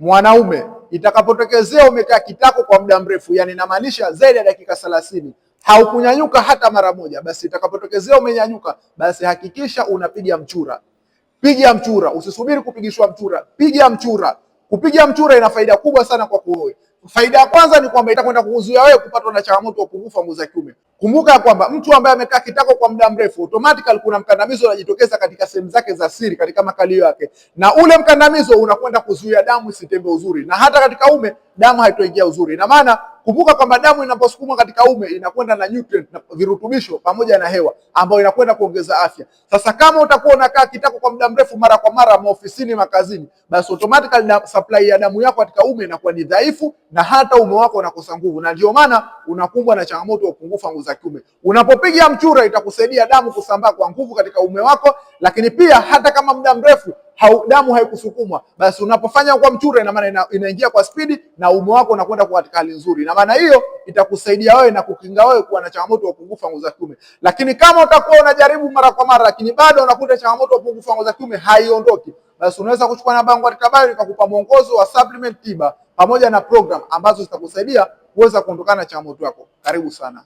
mwanaume itakapotokezea umekaa kitako kwa muda mrefu, yani inamaanisha zaidi ya dakika thelathini haukunyanyuka hata mara moja, basi itakapotokezea umenyanyuka, basi hakikisha unapiga mchura. Piga mchura, usisubiri kupigishwa mchura, piga mchura. Kupiga mchura ina faida kubwa sana kwa kuoe. Faida ya kwanza ni kwamba itakwenda kukuzuia wewe kupatwa na changamoto ya upungufu wa nguvu za kiume. Kumbuka kwamba mtu ambaye amekaa kitako kwa muda mrefu, automatically kuna mkandamizo unajitokeza katika sehemu zake za siri, katika makalio yake, na ule mkandamizo unakwenda kuzuia damu isitembe uzuri, na hata katika ume damu haitoingia uzuri. Ina maana Kumbuka kwamba damu inaposukumwa katika ume inakwenda na nutrient na virutubisho pamoja na hewa ambayo inakwenda kuongeza afya. Sasa kama utakuwa unakaa kitako kwa muda mrefu mara kwa mara maofisini, makazini, basi automatically na supply ya damu yako katika ume inakuwa ni dhaifu na hata ume wako unakosa nguvu, na ndio maana unakumbwa na changamoto ya upungufu wa nguvu za kiume. Unapopiga mchura itakusaidia damu kusambaa kwa nguvu katika ume wako, lakini pia hata kama muda mrefu hau, damu haikusukumwa, basi unapofanya kwa mchura, ina maana inaingia kwa spidi na ume wako unakwenda kwa katika hali nzuri, na maana hiyo itakusaidia wewe na kukinga wewe kuwa na changamoto ya upungufu wa nguvu za kiume. Lakini kama utakuwa unajaribu mara kwa mara, lakini bado unakuta changamoto ya upungufu wa nguvu za kiume haiondoki, basi unaweza kuchukua namba yangu katika bio nikakupa mwongozo wa supplement tiba pamoja na program ambazo zitakusaidia kuweza kuondokana na changamoto yako. Karibu sana.